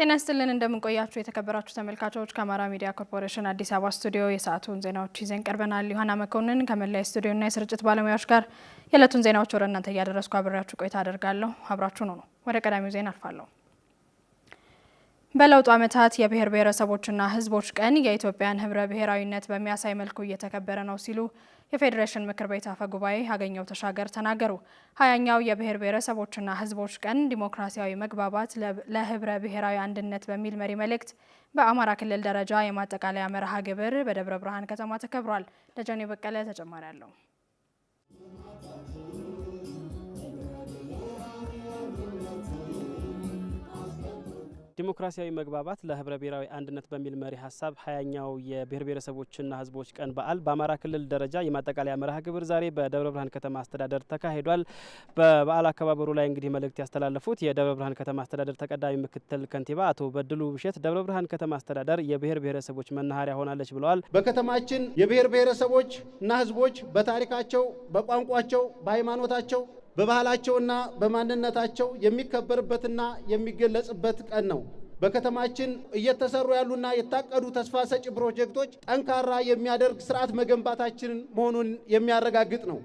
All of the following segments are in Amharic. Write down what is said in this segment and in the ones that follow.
ጤና ይስጥልን እንደምንቆያችሁ የተከበራችሁ ተመልካቾች፣ ከአማራ ሚዲያ ኮርፖሬሽን አዲስ አበባ ስቱዲዮ የሰዓቱን ዜናዎች ይዘን ቀርበናል። ዮሐና መኮንን ከመላይ ስቱዲዮና የስርጭት ባለሙያዎች ጋር የዕለቱን ዜናዎች ወደ እናንተ እያደረስኩ አብሬያችሁ ቆይታ አደርጋለሁ። አብራችሁን ነው ወደ ቀዳሚው ዜና አልፋለሁ። በለውጡ ዓመታት የብሔር ብሔረሰቦችና ሕዝቦች ቀን የኢትዮጵያን ህብረ ብሔራዊነት በሚያሳይ መልኩ እየተከበረ ነው ሲሉ የፌዴሬሽን ምክር ቤት አፈ ጉባኤ አገኘው ተሻገር ተናገሩ። ሀያኛው የብሔር ብሔረሰቦችና ሕዝቦች ቀን ዲሞክራሲያዊ መግባባት ለህብረ ብሔራዊ አንድነት በሚል መሪ መልእክት በአማራ ክልል ደረጃ የማጠቃለያ መርሃ ግብር በደብረ ብርሃን ከተማ ተከብሯል። ደጀኔ በቀለ ተጨማሪ አለው። ዲሞክራሲያዊ መግባባት ለህብረ ብሔራዊ አንድነት በሚል መሪ ሀሳብ ሀያኛው የብሔር ብሔረሰቦችና ህዝቦች ቀን በዓል በአማራ ክልል ደረጃ የማጠቃለያ መርሃ ግብር ዛሬ በደብረ ብርሃን ከተማ አስተዳደር ተካሂዷል። በበዓል አከባበሩ ላይ እንግዲህ መልእክት ያስተላለፉት የደብረ ብርሃን ከተማ አስተዳደር ተቀዳሚ ምክትል ከንቲባ አቶ በድሉ ብሸት ደብረ ብርሃን ከተማ አስተዳደር የብሔር ብሔረሰቦች መናኸሪያ ሆናለች ብለዋል። በከተማችን የብሔር ብሔረሰቦችና ህዝቦች በታሪካቸው፣ በቋንቋቸው፣ በሃይማኖታቸው በባህላቸውና በማንነታቸው የሚከበርበትና የሚገለጽበት ቀን ነው። በከተማችን እየተሰሩ ያሉና የታቀዱ ተስፋ ሰጪ ፕሮጀክቶች ጠንካራ የሚያደርግ ስርዓት መገንባታችን መሆኑን የሚያረጋግጥ ነው።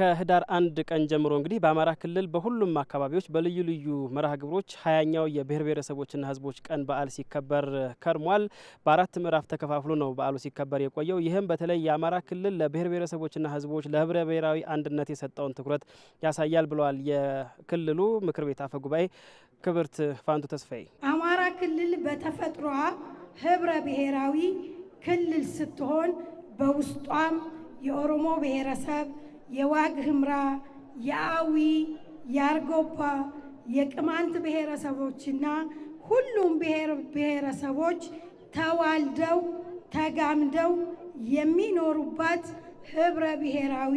ከህዳር አንድ ቀን ጀምሮ እንግዲህ በአማራ ክልል በሁሉም አካባቢዎች በልዩ ልዩ መርሃ ግብሮች ሀያኛው የብሔር ብሔረሰቦችና ህዝቦች ቀን በዓል ሲከበር ከርሟል። በአራት ምዕራፍ ተከፋፍሎ ነው በዓሉ ሲከበር የቆየው። ይህም በተለይ የአማራ ክልል ለብሔር ብሔረሰቦችና ህዝቦች ለህብረ ብሔራዊ አንድነት የሰጠውን ትኩረት ያሳያል ብለዋል የክልሉ ምክር ቤት አፈ ጉባኤ ክብርት ፋንቱ ተስፋዬ። አማራ ክልል በተፈጥሯ ህብረ ብሔራዊ ክልል ስትሆን በውስጧም የኦሮሞ ብሔረሰብ የዋግ ህምራ፣ የአዊ፣ የአርጎባ፣ የቅማንት ብሔረሰቦችና ሁሉም ብሔር ብሔረሰቦች ተዋልደው ተጋምደው የሚኖሩባት ህብረ ብሔራዊ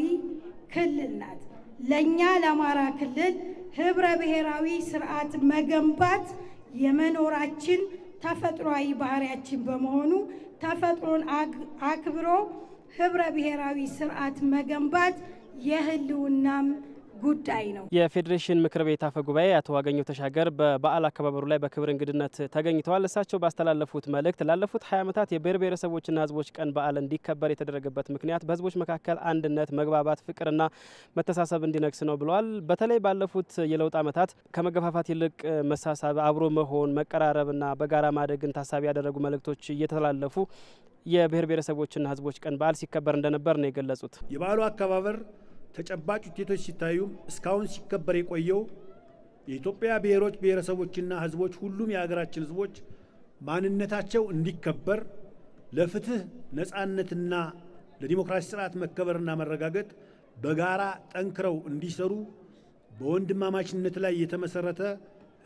ክልል ናት። ለእኛ ለአማራ ክልል ህብረ ብሔራዊ ስርዓት መገንባት የመኖራችን ተፈጥሯዊ ባህሪያችን በመሆኑ ተፈጥሮን አክብሮ ህብረ ብሔራዊ ስርዓት መገንባት የህልውናም ጉዳይ ነው። የፌዴሬሽን ምክር ቤት አፈ ጉባኤ አቶ ዋገኘው ተሻገር በበዓል አከባበሩ ላይ በክብር እንግድነት ተገኝተዋል። እሳቸው ባስተላለፉት መልእክት ላለፉት ሀያ ዓመታት የብሔር ብሔረሰቦችና ህዝቦች ቀን በዓል እንዲከበር የተደረገበት ምክንያት በህዝቦች መካከል አንድነት፣ መግባባት፣ ፍቅርና መተሳሰብ እንዲነግስ ነው ብለዋል። በተለይ ባለፉት የለውጥ ዓመታት ከመገፋፋት ይልቅ መሳሳብ፣ አብሮ መሆን፣ መቀራረብና በጋራ ማደግን ታሳቢ ያደረጉ መልእክቶች እየተላለፉ የብሔር ብሔረሰቦችና ህዝቦች ቀን በዓል ሲከበር እንደነበር ነው የገለጹት። የበዓሉ አከባበር ተጨባጭ ውጤቶች ሲታዩ እስካሁን ሲከበር የቆየው የኢትዮጵያ ብሔሮች ብሔረሰቦችና ህዝቦች ሁሉም የሀገራችን ህዝቦች ማንነታቸው እንዲከበር ለፍትህ ነጻነትና ለዲሞክራሲ ስርዓት መከበርና መረጋገጥ በጋራ ጠንክረው እንዲሰሩ በወንድማማችነት ላይ የተመሰረተ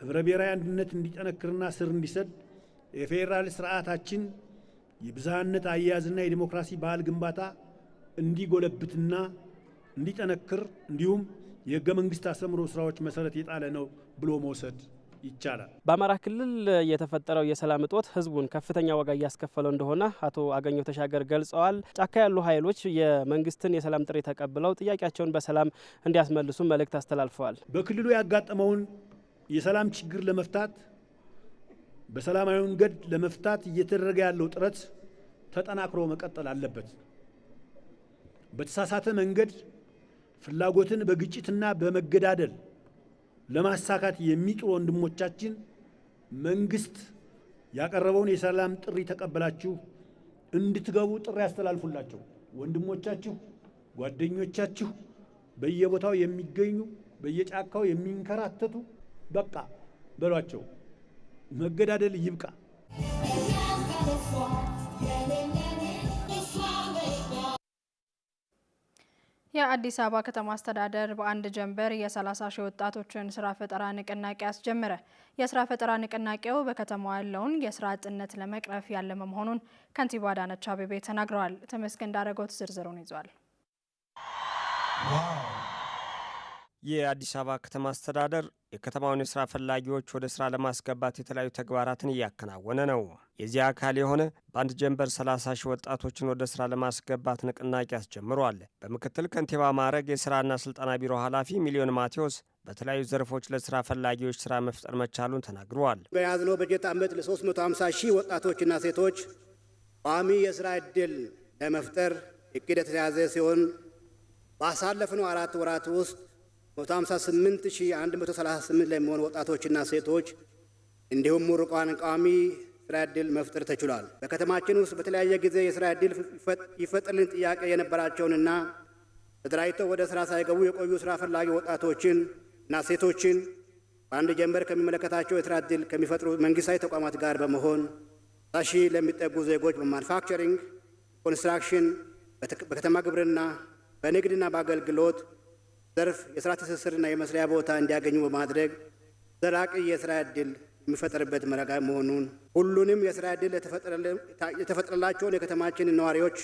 ህብረ ብሔራዊ አንድነት እንዲጠነክርና ስር እንዲሰድ የፌዴራል ስርዓታችን የብዝሃነት አያያዝና የዲሞክራሲ ባህል ግንባታ እንዲጎለብትና እንዲጠነክር እንዲሁም የህገ መንግስት አስተምሮ ስራዎች መሰረት የጣለ ነው ብሎ መውሰድ ይቻላል። በአማራ ክልል የተፈጠረው የሰላም እጦት ህዝቡን ከፍተኛ ዋጋ እያስከፈለው እንደሆነ አቶ አገኘው ተሻገር ገልጸዋል። ጫካ ያሉ ኃይሎች የመንግስትን የሰላም ጥሪ ተቀብለው ጥያቄያቸውን በሰላም እንዲያስመልሱ መልእክት አስተላልፈዋል። በክልሉ ያጋጠመውን የሰላም ችግር ለመፍታት በሰላማዊ መንገድ ለመፍታት እየተደረገ ያለው ጥረት ተጠናክሮ መቀጠል አለበት። በተሳሳተ መንገድ ፍላጎትን በግጭትና በመገዳደል ለማሳካት የሚጥሩ ወንድሞቻችን መንግስት ያቀረበውን የሰላም ጥሪ ተቀበላችሁ እንድትገቡ ጥሪ ያስተላልፉላቸው። ወንድሞቻችሁ፣ ጓደኞቻችሁ በየቦታው የሚገኙ በየጫካው የሚንከራተቱ በቃ በሏቸው። መገዳደል ይብቃ። የአዲስ አበባ ከተማ አስተዳደር በአንድ ጀንበር የ30 ሺህ ወጣቶችን ስራ ፈጠራ ንቅናቄ አስጀመረ። የስራ ፈጠራ ንቅናቄው በከተማዋ ያለውን የስራ አጥነት ለመቅረፍ ያለመ መሆኑን ከንቲባ አዳነች አቤቤ ተናግረዋል። ተመስገን ዳረጎት ዝርዝሩን ይዟል። የአዲስ አበባ ከተማ አስተዳደር የከተማውን የስራ ፈላጊዎች ወደ ስራ ለማስገባት የተለያዩ ተግባራትን እያከናወነ ነው። የዚህ አካል የሆነ በአንድ ጀንበር 30 ሺህ ወጣቶችን ወደ ስራ ለማስገባት ንቅናቄ አስጀምሯል። በምክትል ከንቲባ ማዕረግ የስራና ስልጠና ቢሮ ኃላፊ ሚሊዮን ማቴዎስ በተለያዩ ዘርፎች ለስራ ፈላጊዎች ስራ መፍጠር መቻሉን ተናግረዋል። በያዝነው በጀት ዓመት ለ350 ሺህ ወጣቶችና ሴቶች ቋሚ የስራ ዕድል ለመፍጠር እቅድ የተያዘ ሲሆን ባሳለፍነው አራት ወራት ውስጥ 158,138 ለሚሆኑ ወጣቶችና ሴቶች እንዲሁም ምሩቃን ቋሚ ስራ ዕድል መፍጠር ተችሏል። በከተማችን ውስጥ በተለያየ ጊዜ የስራ ዕድል ይፈጥልን ጥያቄ የነበራቸውንና ተደራጅተው ወደ ስራ ሳይገቡ የቆዩ ስራ ፈላጊ ወጣቶችን እና ሴቶችን በአንድ ጀንበር ከሚመለከታቸው የስራ ዕድል ከሚፈጥሩ መንግስታዊ ተቋማት ጋር በመሆን ሳሺ ለሚጠጉ ዜጎች በማኑፋክቸሪንግ፣ ኮንስትራክሽን፣ በከተማ ግብርና፣ በንግድና በአገልግሎት ዘርፍ የስራ ትስስርና የመስሪያ ቦታ እንዲያገኙ በማድረግ ዘላቂ የስራ ዕድል የሚፈጠርበት መረጋ መሆኑን ሁሉንም የስራ ዕድል የተፈጠረላቸውን የከተማችን ነዋሪዎች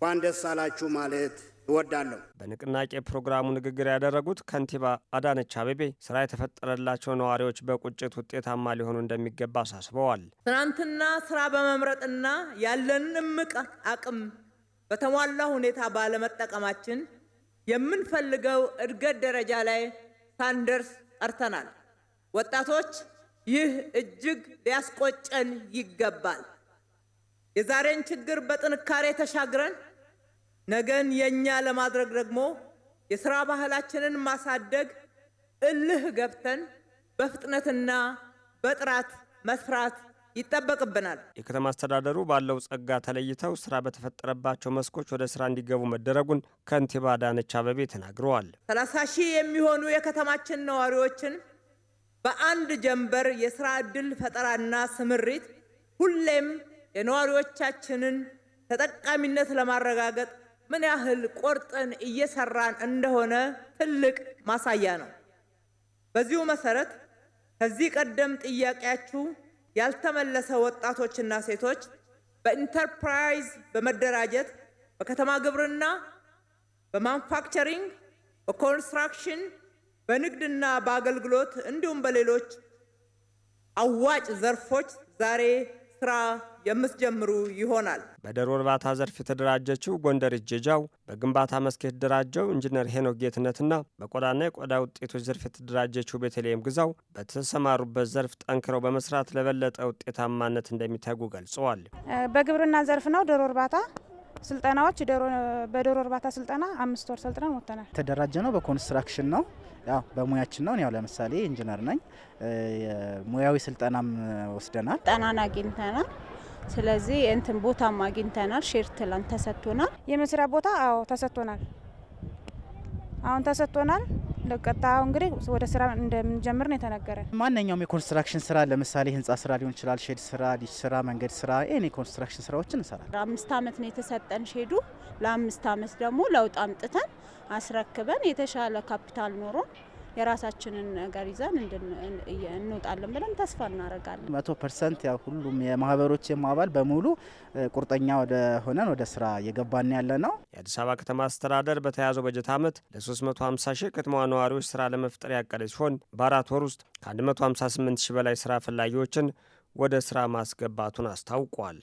እንኳን ደስ አላችሁ ማለት እወዳለሁ። በንቅናቄ ፕሮግራሙ ንግግር ያደረጉት ከንቲባ አዳነች አቤቤ ስራ የተፈጠረላቸው ነዋሪዎች በቁጭት ውጤታማ ሊሆኑ እንደሚገባ አሳስበዋል። ትናንትና ስራ በመምረጥና ያለንን እምቅ አቅም በተሟላ ሁኔታ ባለመጠቀማችን የምንፈልገው እድገት ደረጃ ላይ ሳንደርስ ቀርተናል። ወጣቶች፣ ይህ እጅግ ሊያስቆጨን ይገባል። የዛሬን ችግር በጥንካሬ ተሻግረን ነገን የእኛ ለማድረግ ደግሞ የሥራ ባህላችንን ማሳደግ፣ እልህ ገብተን በፍጥነትና በጥራት መስራት ይጠበቅብናል። የከተማ አስተዳደሩ ባለው ጸጋ ተለይተው ስራ በተፈጠረባቸው መስኮች ወደ ስራ እንዲገቡ መደረጉን ከንቲባ አዳነች አበቤ ተናግረዋል። ሰላሳ ሺህ የሚሆኑ የከተማችን ነዋሪዎችን በአንድ ጀንበር የስራ ዕድል ፈጠራና ስምሪት ሁሌም የነዋሪዎቻችንን ተጠቃሚነት ለማረጋገጥ ምን ያህል ቆርጠን እየሰራን እንደሆነ ትልቅ ማሳያ ነው። በዚሁ መሰረት ከዚህ ቀደም ጥያቄያችሁ ያልተመለሰ ወጣቶችና ሴቶች በኢንተርፕራይዝ በመደራጀት በከተማ ግብርና፣ በማኑፋክቸሪንግ፣ በኮንስትራክሽን፣ በንግድና በአገልግሎት እንዲሁም በሌሎች አዋጭ ዘርፎች ዛሬ ስራ የምትጀምሩ ይሆናል። በዶሮ እርባታ ዘርፍ የተደራጀችው ጎንደር እጀጃው፣ በግንባታ መስክ የተደራጀው ኢንጂነር ሄኖክ ጌትነትና በቆዳና የቆዳ ውጤቶች ዘርፍ የተደራጀችው ቤተልሔም ግዛው በተሰማሩበት ዘርፍ ጠንክረው በመስራት ለበለጠ ውጤታማነት እንደሚተጉ ገልጸዋል። በግብርና ዘርፍ ነው ዶሮ እርባታ ስልጠናዎች በዶሮ እርባታ ስልጠና አምስት ወር ሰልጥነን ወጥተናል። የተደራጀ ነው በኮንስትራክሽን ነው ያው በሙያችን ነው። ያው ለምሳሌ ኢንጂነር ነኝ። ሙያዊ ስልጠናም ወስደናል። ስልጠናን አግኝተናል። ስለዚህ እንትን ቦታም አግኝተናል። ሼርትላን ተሰጥቶናል። የመስሪያ ቦታ አዎ ተሰጥቶናል። አሁን ተሰጥቶናል። ለቀጣው እንግዲህ ወደ ስራ እንደምንጀምር ነው የተነገረ። ማንኛውም የኮንስትራክሽን ስራ ለምሳሌ ህንፃ ስራ ሊሆን ይችላል፣ ሼድ ስራ፣ ዲሽ ስራ፣ መንገድ ስራ፣ ይህን የኮንስትራክሽን ስራዎችን እንሰራል። አምስት አመት ነው የተሰጠን ሼዱ። ለአምስት አመት ደግሞ ለውጥ አምጥተን አስረክበን የተሻለ ካፒታል ኖሮን የራሳችንን ነገር ይዘን እንወጣለን ብለን ተስፋ እናደርጋለን። መቶ ፐርሰንት ያው ሁሉም የማህበሮች የማባል በሙሉ ቁርጠኛ ወደ ሆነን ወደ ስራ እየገባን ያለ ነው። የአዲስ አበባ ከተማ አስተዳደር በተያዘው በጀት ዓመት ለ350 ሺህ ከተማዋ ነዋሪዎች ስራ ለመፍጠር ያቀደ ሲሆን በአራት ወር ውስጥ ከ158 ሺህ በላይ ስራ ፈላጊዎችን ወደ ስራ ማስገባቱን አስታውቋል።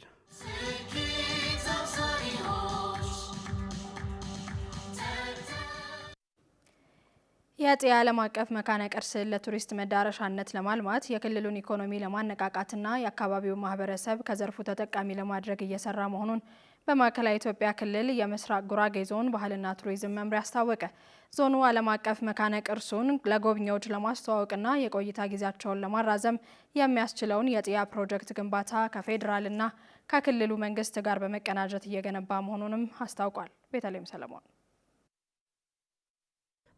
የአጼ ዓለም አቀፍ መካነ ቅርስ ለቱሪስት መዳረሻነት ለማልማት የክልሉን ኢኮኖሚ ለማነቃቃትና የአካባቢውን ማህበረሰብ ከዘርፉ ተጠቃሚ ለማድረግ እየሰራ መሆኑን በማዕከላዊ ኢትዮጵያ ክልል የምስራቅ ጉራጌ ዞን ባህልና ቱሪዝም መምሪያ አስታወቀ። ዞኑ ዓለም አቀፍ መካነ ቅርሱን ለጎብኚዎች ለማስተዋወቅና የቆይታ ጊዜያቸውን ለማራዘም የሚያስችለውን የጥያ ፕሮጀክት ግንባታ ከፌዴራልና ከክልሉ መንግስት ጋር በመቀናጀት እየገነባ መሆኑንም አስታውቋል። ቤተልሔም ሰለሞን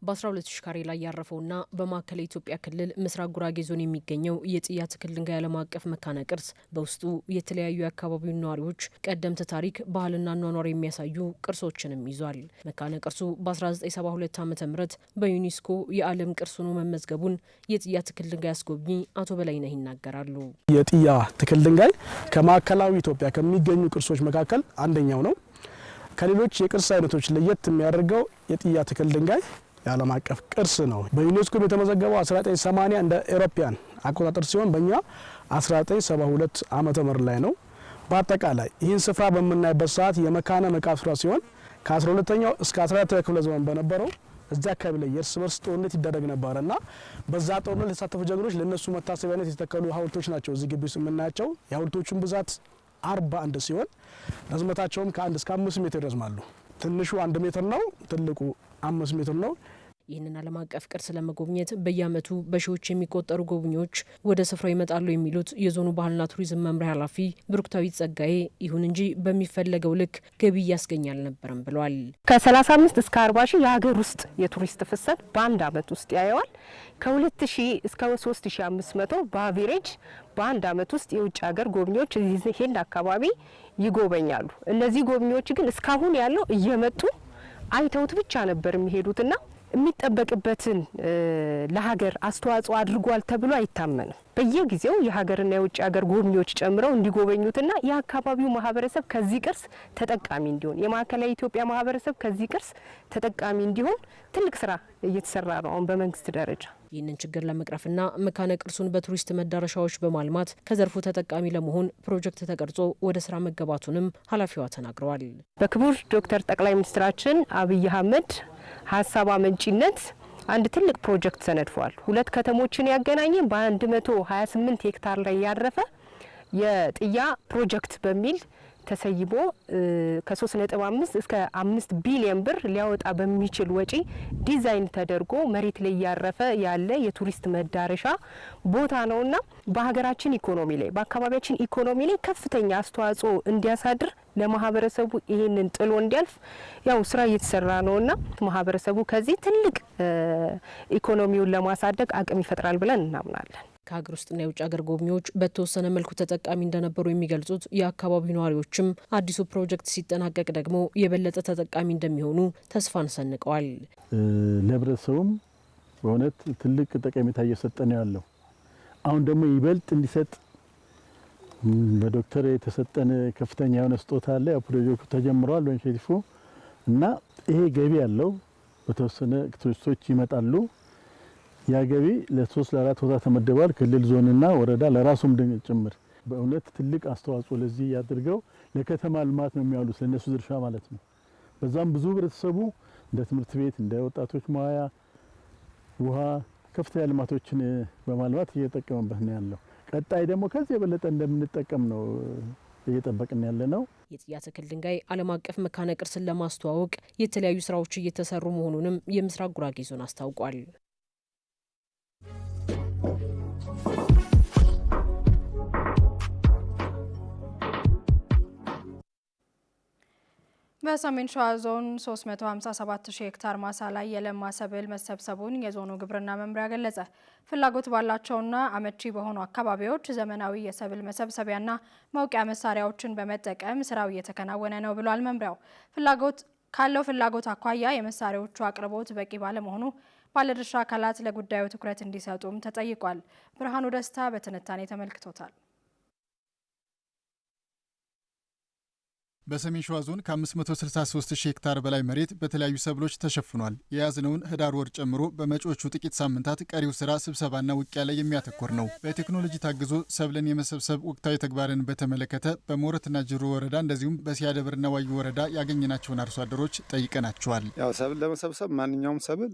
በ12 ሺ ካሬ ላይ ያረፈውና በማዕከላዊ ኢትዮጵያ ክልል ምስራቅ ጉራጌ ዞን የሚገኘው የጥያ ትክል ድንጋይ ዓለም አቀፍ መካነ ቅርስ በውስጡ የተለያዩ የአካባቢው ነዋሪዎች ቀደምት ታሪክ፣ ባህልና ኗኗር የሚያሳዩ ቅርሶችንም ይዟል። መካነ ቅርሱ በ1972 ዓ ም በዩኔስኮ የዓለም ቅርስ ሆኖ መመዝገቡን የጥያ ትክል ድንጋይ አስጎብኚ አቶ በላይነህ ይናገራሉ። የጥያ ትክል ድንጋይ ከማዕከላዊ ኢትዮጵያ ከሚገኙ ቅርሶች መካከል አንደኛው ነው። ከሌሎች የቅርስ አይነቶች ለየት የሚያደርገው የጥያ ትክል ድንጋይ የዓለም አቀፍ ቅርስ ነው። በዩኔስኮ የተመዘገበው 1980 እንደ ኤሮፓያን አቆጣጠር ሲሆን በእኛ 1972 ዓ ምህረት ላይ ነው። በአጠቃላይ ይህን ስፍራ በምናይበት ሰዓት የመካነ መቃብር ስፍራ ሲሆን ከ12ኛው እስከ 14ኛው ክፍለ ዘመን በነበረው እዚያ አካባቢ ላይ የእርስ በርስ ጦርነት ይደረግ ነበረ እና በዛ ጦርነት የተሳተፉ ጀግኖች ለእነሱ መታሰቢያነት የተተከሉ ሀውልቶች ናቸው እዚህ ግቢ ውስጥ የምናያቸው። የሀውልቶቹን ብዛት 41 ሲሆን ረዝመታቸውም ከአንድ እስከ አምስት ሜትር ይረዝማሉ። ትንሹ አንድ ሜትር ነው፣ ትልቁ አምስት ሜትር ነው። ይህንን ዓለም አቀፍ ቅርስ ለመጎብኘት በየዓመቱ በሺዎች የሚቆጠሩ ጎብኚዎች ወደ ስፍራው ይመጣሉ የሚሉት የዞኑ ባህልና ቱሪዝም መምሪያ ኃላፊ ብሩክታዊት ጸጋዬ፣ ይሁን እንጂ በሚፈለገው ልክ ገቢ እያስገኘ አልነበረም ብለዋል። ከ35 እስከ 40 ሺህ የሀገር ውስጥ የቱሪስት ፍሰት በአንድ ዓመት ውስጥ ያየዋል። ከ2 እስከ 3500 በአቬሬጅ በአንድ ዓመት ውስጥ የውጭ ሀገር ጎብኚዎች ይህን አካባቢ ይጎበኛሉ። እነዚህ ጎብኚዎች ግን እስካሁን ያለው እየመጡ አይተውት ብቻ ነበር የሚሄዱትና የሚጠበቅበትን ለሀገር አስተዋጽኦ አድርጓል ተብሎ አይታመንም። በየጊዜው የሀገርና የውጭ ሀገር ጎብኚዎች ጨምረው እንዲጎበኙትና የአካባቢው ማህበረሰብ ከዚህ ቅርስ ተጠቃሚ እንዲሆን፣ የማዕከላዊ ኢትዮጵያ ማህበረሰብ ከዚህ ቅርስ ተጠቃሚ እንዲሆን ትልቅ ስራ እየተሰራ ነው አሁን በመንግስት ደረጃ። ይህንን ችግር ለመቅረፍና መካነ ቅርሱን በቱሪስት መዳረሻዎች በማልማት ከዘርፉ ተጠቃሚ ለመሆን ፕሮጀክት ተቀርጾ ወደ ስራ መገባቱንም ኃላፊዋ ተናግረዋል። በክቡር ዶክተር ጠቅላይ ሚኒስትራችን አብይ አህመድ ሀሳብ አመንጪነት አንድ ትልቅ ፕሮጀክት ተነድፏል። ሁለት ከተሞችን ያገናኘ በ128 ሄክታር ላይ ያረፈ የጥያ ፕሮጀክት በሚል ተሰይቦ ከ3.5 እስከ 5 ቢሊዮን ብር ሊያወጣ በሚችል ወጪ ዲዛይን ተደርጎ መሬት ላይ እያረፈ ያለ የቱሪስት መዳረሻ ቦታ ነውና በሀገራችን ኢኮኖሚ ላይ በአካባቢያችን ኢኮኖሚ ላይ ከፍተኛ አስተዋጽኦ እንዲያሳድር ለማህበረሰቡ ይህንን ጥሎ እንዲያልፍ ያው ስራ እየተሰራ ነውና ማህበረሰቡ ከዚህ ትልቅ ኢኮኖሚውን ለማሳደግ አቅም ይፈጥራል ብለን እናምናለን። ከሀገር ውስጥና የውጭ ሀገር ጎብኚዎች በተወሰነ መልኩ ተጠቃሚ እንደነበሩ የሚገልጹት የአካባቢው ነዋሪዎችም አዲሱ ፕሮጀክት ሲጠናቀቅ ደግሞ የበለጠ ተጠቃሚ እንደሚሆኑ ተስፋን ሰንቀዋል። ለህብረተሰቡም በእውነት ትልቅ ጠቀሜታ እየሰጠ ነው ያለው። አሁን ደግሞ ይበልጥ እንዲሰጥ በዶክተር የተሰጠን ከፍተኛ የሆነ ስጦታ አለ። ያው ፕሮጀክቱ ተጀምረዋል በኢኒሼቲቭ እና ይሄ ገቢ ያለው በተወሰነ ቱሪስቶች ይመጣሉ። ያ ገቢ ለሶስት ለአራት ቦታ ተመደቧል። ክልል ዞንና ወረዳ ለራሱም ጭምር በእውነት ትልቅ አስተዋጽኦ ለዚህ ያድርገው ለከተማ ልማት ነው የሚያሉት ለእነሱ ድርሻ ማለት ነው። በዛም ብዙ ህብረተሰቡ እንደ ትምህርት ቤት እንደ ወጣቶች መዋያ ውሃ ከፍተኛ ልማቶችን በማልማት እየጠቀመበት ነው ያለው። ቀጣይ ደግሞ ከዚህ የበለጠ እንደምንጠቀም ነው እየጠበቅን ያለ ነው። የጥያ ትክል ድንጋይ ዓለም አቀፍ መካነ ቅርስን ለማስተዋወቅ የተለያዩ ስራዎች እየተሰሩ መሆኑንም የምስራቅ ጉራጌ ዞን አስታውቋል። በሰሜን ሸዋ ዞን 357 ሺህ ሄክታር ማሳ ላይ የለማ ሰብል መሰብሰቡን የዞኑ ግብርና መምሪያ ገለጸ። ፍላጎት ባላቸውና አመቺ በሆኑ አካባቢዎች ዘመናዊ የሰብል መሰብሰቢያና መውቂያ መሳሪያዎችን በመጠቀም ስራው እየተከናወነ ነው ብሏል መምሪያው። ፍላጎት ካለው ፍላጎት አኳያ የመሳሪያዎቹ አቅርቦት በቂ ባለመሆኑ ባለድርሻ አካላት ለጉዳዩ ትኩረት እንዲሰጡም ተጠይቋል። ብርሃኑ ደስታ በትንታኔ ተመልክቶታል። በሰሜን ሸዋ ዞን ከ563 ሺህ ሄክታር በላይ መሬት በተለያዩ ሰብሎች ተሸፍኗል። የያዝነውን ህዳር ወር ጨምሮ በመጪዎቹ ጥቂት ሳምንታት ቀሪው ስራ ስብሰባና ውቂያ ላይ የሚያተኮር ነው። በቴክኖሎጂ ታግዞ ሰብልን የመሰብሰብ ወቅታዊ ተግባርን በተመለከተ በሞረትና ጅሮ ወረዳ እንደዚሁም በሲያደብርና ዋዩ ወረዳ ያገኘናቸውን አርሶ አደሮች ጠይቀናቸዋል። ያው ሰብል ለመሰብሰብ ማንኛውም ሰብል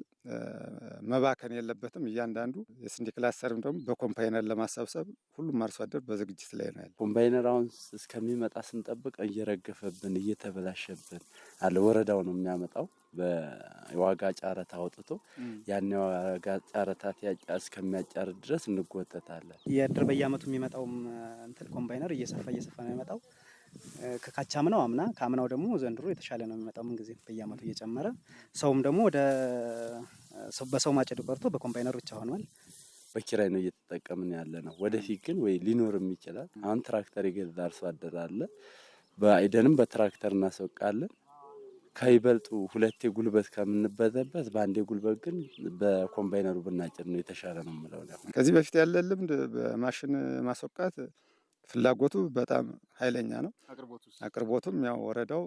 መባከን የለበትም። እያንዳንዱ የስንዴ ክላስተርም ደግሞ በኮምፓይነር ለማሰብሰብ ሁሉም አርሶ አደር በዝግጅት ላይ ነው ያለ። ኮምፓይነር አሁን እስከሚመጣ ስንጠብቅ እየረገፈ እየተራገፈብን እየተበላሸብን አለ። ወረዳው ነው የሚያመጣው በዋጋ ጨረታ አውጥቶ ያን የዋጋ ጨረታ እስከሚያጫርት ድረስ እንጎተታለን። የድር በየአመቱ የሚመጣውም እንትን ኮምባይነር እየሰፋ እየሰፋ ነው የሚመጣው። ከካቻምናው አምና ከአምናው ደግሞ ዘንድሮ የተሻለ ነው የሚመጣው። ምን ጊዜ በየአመቱ እየጨመረ ሰውም ደግሞ ወደ በሰው ማጨድ ቀርቶ በኮምባይነር ብቻ ሆኗል። በኪራይ ነው እየተጠቀምን ያለ ነው። ወደፊት ግን ወይ ሊኖርም ይችላል። አሁን ትራክተር የገዛ አርሶ አደር አለ በአይደንም በትራክተር እናስወቃለን። ከይበልጡ ሁለቴ ጉልበት ከምንበዘበት በአንዴ ጉልበት ግን በኮምባይነሩ ብናጭር ነው የተሻለ ነው የምለው። ከዚህ በፊት ያለ ልምድ በማሽን ማስወቃት ፍላጎቱ በጣም ኃይለኛ ነው። አቅርቦቱም ያው ወረዳው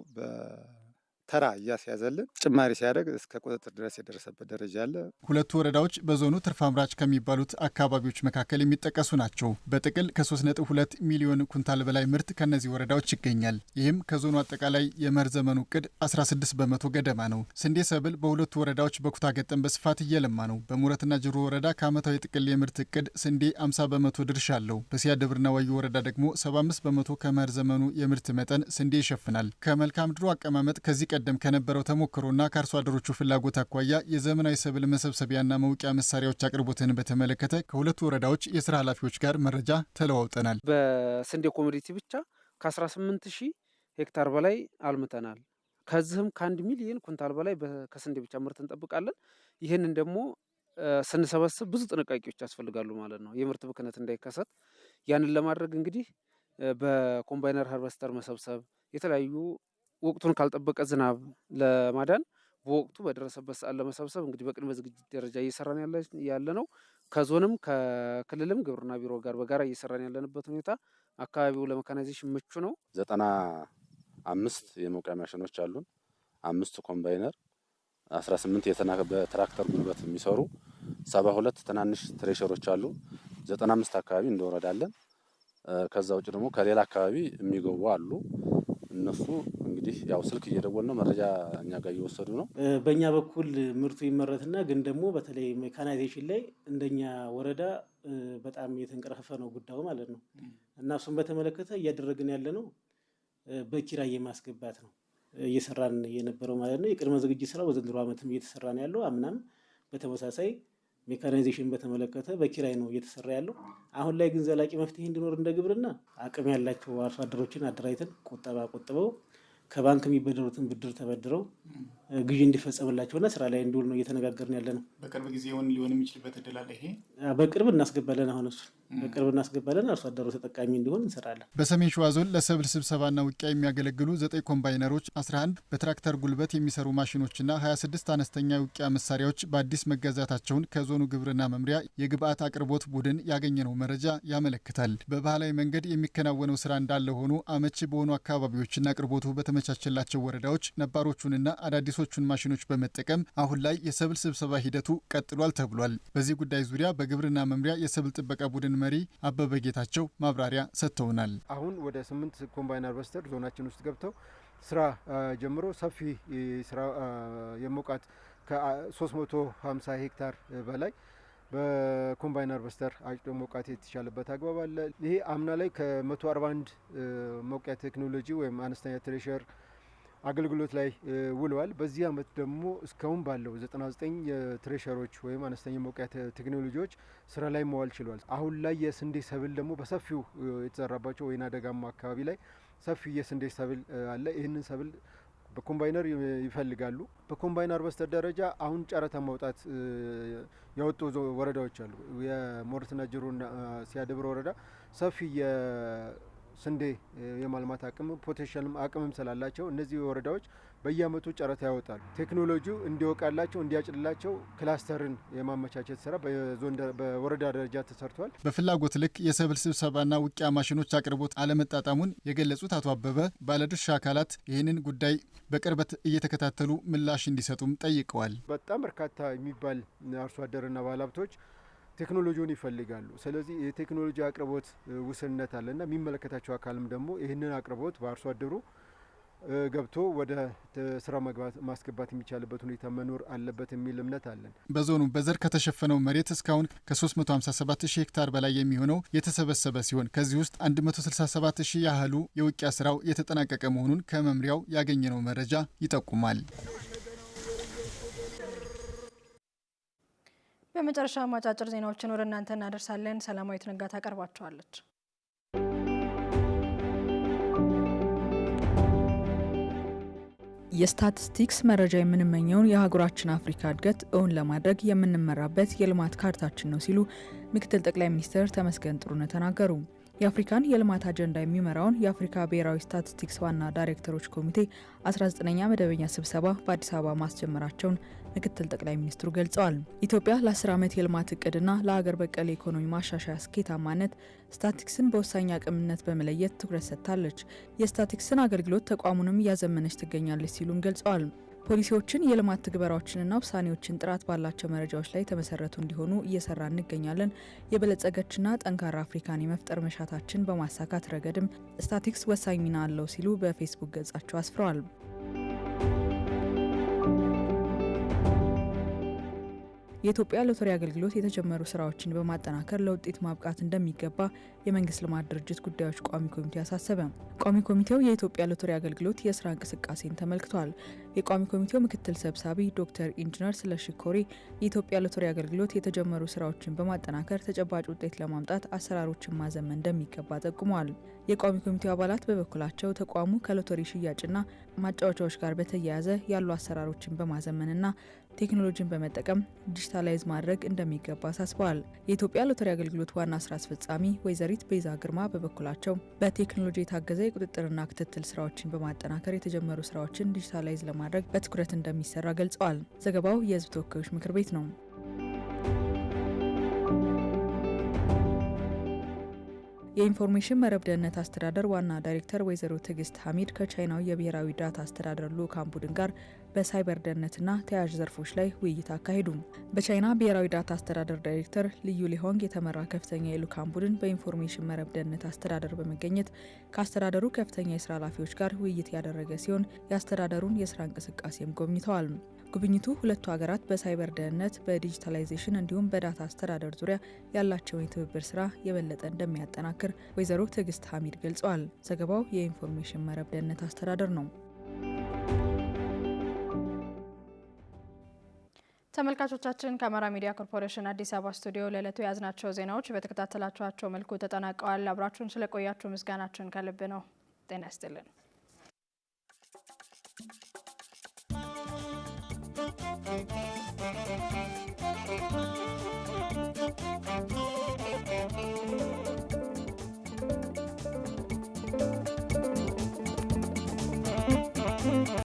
ተራ እያስያዘልን ጭማሪ ሲያደርግ እስከ ቁጥጥር ድረስ የደረሰበት ደረጃ አለ። ሁለቱ ወረዳዎች በዞኑ ትርፍ አምራች ከሚባሉት አካባቢዎች መካከል የሚጠቀሱ ናቸው። በጥቅል ከ3.2 ሚሊዮን ኩንታል በላይ ምርት ከእነዚህ ወረዳዎች ይገኛል። ይህም ከዞኑ አጠቃላይ የመኸር ዘመኑ እቅድ 16 በመቶ ገደማ ነው። ስንዴ ሰብል በሁለቱ ወረዳዎች በኩታ ገጠም በስፋት እየለማ ነው። በሙረትና ጅሮ ወረዳ ከዓመታዊ ጥቅል የምርት እቅድ ስንዴ 50 በመቶ ድርሻ አለው። በሲያ ደብርና ዋዩ ወረዳ ደግሞ 75 በመቶ ከመኸር ዘመኑ የምርት መጠን ስንዴ ይሸፍናል። ከመልካም ድሮ አቀማመጥ ከዚህ ቀደም ቀደም ከነበረው ተሞክሮና ከአርሶ አደሮቹ ፍላጎት አኳያ የዘመናዊ ሰብል መሰብሰቢያና መውቂያ መሳሪያዎች አቅርቦትን በተመለከተ ከሁለቱ ወረዳዎች የስራ ኃላፊዎች ጋር መረጃ ተለዋውጠናል። በስንዴ ኮሚዲቲ ብቻ ከ18 ሺህ ሄክታር በላይ አልምተናል። ከዚህም ከአንድ ሚሊየን ኩንታል በላይ ከስንዴ ብቻ ምርት እንጠብቃለን። ይህንን ደግሞ ስንሰበስብ ብዙ ጥንቃቄዎች ያስፈልጋሉ ማለት ነው። የምርት ብክነት እንዳይከሰት ያንን ለማድረግ እንግዲህ በኮምባይነር ሃርቨስተር መሰብሰብ የተለያዩ ወቅቱን ካልጠበቀ ዝናብ ለማዳን በወቅቱ በደረሰበት ሰዓት ለመሰብሰብ እንግዲህ በቅድመ ዝግጅት ደረጃ እየሰራን ያለ ነው። ከዞንም ከክልልም ግብርና ቢሮ ጋር በጋራ እየሰራን ያለንበት ሁኔታ አካባቢው ለመካናይዜሽን ምቹ ነው። ዘጠና አምስት የመውቂያ ማሽኖች አሉን። አምስት ኮምባይነር፣ 18 በትራክተር ጉልበት የሚሰሩ ሰባ ሁለት ትናንሽ ትሬሸሮች አሉ። ዘጠና አምስት አካባቢ እንደወረዳለን። ከዛ ውጭ ደግሞ ከሌላ አካባቢ የሚገቡ አሉ። እነሱ እንግዲህ ያው ስልክ እየደወል ነው መረጃ እኛ ጋር እየወሰዱ ነው። በእኛ በኩል ምርቱ ይመረትና ግን ደግሞ በተለይ ሜካናይዜሽን ላይ እንደኛ ወረዳ በጣም የተንቀረፈፈ ነው ጉዳዩ ማለት ነው እና እሱን በተመለከተ እያደረግን ያለ ነው በኪራይ የማስገባት ነው እየሰራን የነበረው ማለት ነው። የቅድመ ዝግጅት ስራ በዘንድሮ ዓመትም እየተሰራ ነው ያለው። አምናም በተመሳሳይ ሜካናይዜሽን በተመለከተ በኪራይ ነው እየተሰራ ያለው። አሁን ላይ ግን ዘላቂ መፍትሄ እንዲኖር እንደ ግብርና አቅም ያላቸው አርሶ አደሮችን አደራጅተን ቁጠባ ቆጥበው ከባንክ የሚበደሩትን ብድር ተበድረው ግዢ እንዲፈጸምላቸውና ስራ ላይ እንዲውል ነው እየተነጋገርን ያለ ነው። በቅርብ ጊዜ ሊሆን የሚችልበት እድል አለ። ይሄ በቅርብ እናስገባለን። አሁን እሱ በቅርብ እናስገባለን። አርሶ አደሩ ተጠቃሚ እንዲሆን እንሰራለን። በሰሜን ሸዋ ዞን ለሰብል ስብሰባና ውቂያ የሚያገለግሉ ዘጠኝ ኮምባይነሮች፣ 11 በትራክተር ጉልበት የሚሰሩ ማሽኖችና 26 አነስተኛ የውቂያ መሳሪያዎች በአዲስ መገዛታቸውን ከዞኑ ግብርና መምሪያ የግብአት አቅርቦት ቡድን ያገኘነው መረጃ ያመለክታል። በባህላዊ መንገድ የሚከናወነው ስራ እንዳለ ሆኖ አመቺ በሆኑ አካባቢዎችና አቅርቦቱ በተመቻቸላቸው ወረዳዎች ነባሮቹንና አዳዲሶ አዲሶቹን ማሽኖች በመጠቀም አሁን ላይ የሰብል ስብሰባ ሂደቱ ቀጥሏል ተብሏል። በዚህ ጉዳይ ዙሪያ በግብርና መምሪያ የሰብል ጥበቃ ቡድን መሪ አበበ ጌታቸው ማብራሪያ ሰጥተውናል። አሁን ወደ ስምንት ኮምባይን አርቨስተር ዞናችን ውስጥ ገብተው ስራ ጀምሮ ሰፊ ስራ የመውቃት ከ350 ሄክታር በላይ በኮምባይን አርቨስተር አጭዶ መውቃት የተቻለበት አግባብ አለ። ይሄ አምና ላይ ከ141 መውቂያ ቴክኖሎጂ ወይም አነስተኛ ትሬሸር አገልግሎት ላይ ውለዋል። በዚህ አመት ደግሞ እስካሁን ባለው 99 የትሬሸሮች ወይም አነስተኛ መውቂያ ቴክኖሎጂዎች ስራ ላይ መዋል ችሏል። አሁን ላይ የስንዴ ሰብል ደግሞ በሰፊው የተዘራባቸው ወይና ደጋማ አካባቢ ላይ ሰፊ የስንዴ ሰብል አለ። ይህንን ሰብል በኮምባይነር ይፈልጋሉ። በኮምባይነር በስተር ደረጃ አሁን ጨረታ ማውጣት ያወጡ ወረዳዎች አሉ። የሞርትና ጅሮ ሲያደብረ ወረዳ ሰፊ ስንዴ የማልማት አቅም ፖቴንሻልም አቅምም ስላላቸው እነዚህ ወረዳዎች በየአመቱ ጨረታ ያወጣሉ። ቴክኖሎጂው እንዲወቃላቸው እንዲያጭልላቸው ክላስተርን የማመቻቸት ስራ በወረዳ ደረጃ ተሰርቷል። በፍላጎት ልክ የሰብል ስብሰባና ውቂያ ማሽኖች አቅርቦት አለመጣጣሙን የገለጹት አቶ አበበ ባለድርሻ አካላት ይህንን ጉዳይ በቅርበት እየተከታተሉ ምላሽ እንዲሰጡም ጠይቀዋል። በጣም በርካታ የሚባል አርሶ አደርና ባለሀብቶች ቴክኖሎጂውን ይፈልጋሉ። ስለዚህ የቴክኖሎጂ አቅርቦት ውስንነት አለና የሚመለከታቸው አካልም ደግሞ ይህንን አቅርቦት በአርሶ አደሩ ገብቶ ወደ ስራ ማስገባት የሚቻልበት ሁኔታ መኖር አለበት የሚል እምነት አለን። በዞኑ በዘር ከተሸፈነው መሬት እስካሁን ከ357 ሺህ ሄክታር በላይ የሚሆነው የተሰበሰበ ሲሆን ከዚህ ውስጥ 167 ሺህ ያህሉ የውቂያ ስራው የተጠናቀቀ መሆኑን ከመምሪያው ያገኘነው መረጃ ይጠቁማል። በመጨረሻ አጫጭር ዜናዎችን ወደ እናንተ እናደርሳለን። ሰላማዊት ነጋ ታቀርባቸዋለች። የስታቲስቲክስ መረጃ የምንመኘውን የሀገራችን አፍሪካ እድገት እውን ለማድረግ የምንመራበት የልማት ካርታችን ነው ሲሉ ምክትል ጠቅላይ ሚኒስትር ተመስገን ጥሩነህ ተናገሩ። የአፍሪካን የልማት አጀንዳ የሚመራውን የአፍሪካ ብሔራዊ ስታቲስቲክስ ዋና ዳይሬክተሮች ኮሚቴ 19ኛ መደበኛ ስብሰባ በአዲስ አበባ ማስጀመራቸውን ምክትል ጠቅላይ ሚኒስትሩ ገልጸዋል። ኢትዮጵያ ለ10 ዓመት የልማት እቅድና ለሀገር በቀል የኢኮኖሚ ማሻሻያ ስኬታማነት ስታቲክስን በወሳኝ አቅምነት በመለየት ትኩረት ሰጥታለች። የስታቲክስን አገልግሎት ተቋሙንም እያዘመነች ትገኛለች ሲሉም ገልጸዋል። ፖሊሲዎችን የልማት ትግበራዎችንና ውሳኔዎችን ጥራት ባላቸው መረጃዎች ላይ የተመሰረቱ እንዲሆኑ እየሰራ እንገኛለን። የበለጸገችና ጠንካራ አፍሪካን የመፍጠር መሻታችን በማሳካት ረገድም ስታቲክስ ወሳኝ ሚና አለው ሲሉ በፌስቡክ ገጻቸው አስፍረዋል። የኢትዮጵያ ሎተሪ አገልግሎት የተጀመሩ ስራዎችን በማጠናከር ለውጤት ማብቃት እንደሚገባ የመንግስት ልማት ድርጅት ጉዳዮች ቋሚ ኮሚቴ አሳሰበ። ቋሚ ኮሚቴው የኢትዮጵያ ሎተሪ አገልግሎት የስራ እንቅስቃሴን ተመልክቷል። የቋሚ ኮሚቴው ምክትል ሰብሳቢ ዶክተር ኢንጂነር ስለሺ ኮሪ የኢትዮጵያ ሎተሪ አገልግሎት የተጀመሩ ስራዎችን በማጠናከር ተጨባጭ ውጤት ለማምጣት አሰራሮችን ማዘመን እንደሚገባ ጠቁመዋል። የቋሚ ኮሚቴው አባላት በበኩላቸው ተቋሙ ከሎተሪ ሽያጭና ማጫወቻዎች ጋር በተያያዘ ያሉ አሰራሮችን በማዘመንና ቴክኖሎጂን በመጠቀም ዲጂታላይዝ ማድረግ እንደሚገባ አሳስበዋል። የኢትዮጵያ ሎተሪ አገልግሎት ዋና ስራ አስፈጻሚ ወይዘሪት ቤዛ ግርማ በበኩላቸው በቴክኖሎጂ የታገዘ የቁጥጥርና ክትትል ስራዎችን በማጠናከር የተጀመሩ ስራዎችን ዲጂታላይዝ ለማድረግ በትኩረት እንደሚሰራ ገልጸዋል። ዘገባው የህዝብ ተወካዮች ምክር ቤት ነው። የኢንፎርሜሽን መረብ ደህንነት አስተዳደር ዋና ዳይሬክተር ወይዘሮ ትዕግስት ሐሚድ ከቻይናው የብሔራዊ ዳታ አስተዳደር ልዑካን ቡድን ጋር በሳይበር ደህንነትና ተያያዥ ዘርፎች ላይ ውይይት አካሄዱ። በቻይና ብሔራዊ ዳታ አስተዳደር ዳይሬክተር ልዩ ሊሆንግ የተመራ ከፍተኛ የልዑካን ቡድን በኢንፎርሜሽን መረብ ደህንነት አስተዳደር በመገኘት ከአስተዳደሩ ከፍተኛ የስራ ኃላፊዎች ጋር ውይይት ያደረገ ሲሆን የአስተዳደሩን የስራ እንቅስቃሴም ጎብኝተዋል። ጉብኝቱ ሁለቱ ሀገራት በሳይበር ደህንነት፣ በዲጂታላይዜሽን እንዲሁም በዳታ አስተዳደር ዙሪያ ያላቸውን የትብብር ስራ የበለጠ እንደሚያጠናክር ወይዘሮ ትዕግስት ሐሚድ ገልጸዋል። ዘገባው የኢንፎርሜሽን መረብ ደህንነት አስተዳደር ነው። ተመልካቾቻችን ከአማራ ሚዲያ ኮርፖሬሽን አዲስ አበባ ስቱዲዮ ለዕለቱ የያዝናቸው ዜናዎች በተከታተላችኋቸው መልኩ ተጠናቀዋል። አብራችሁን ስለቆያችሁ ምስጋናችን ከልብ ነው። ጤና ይስጥልን። Thank you.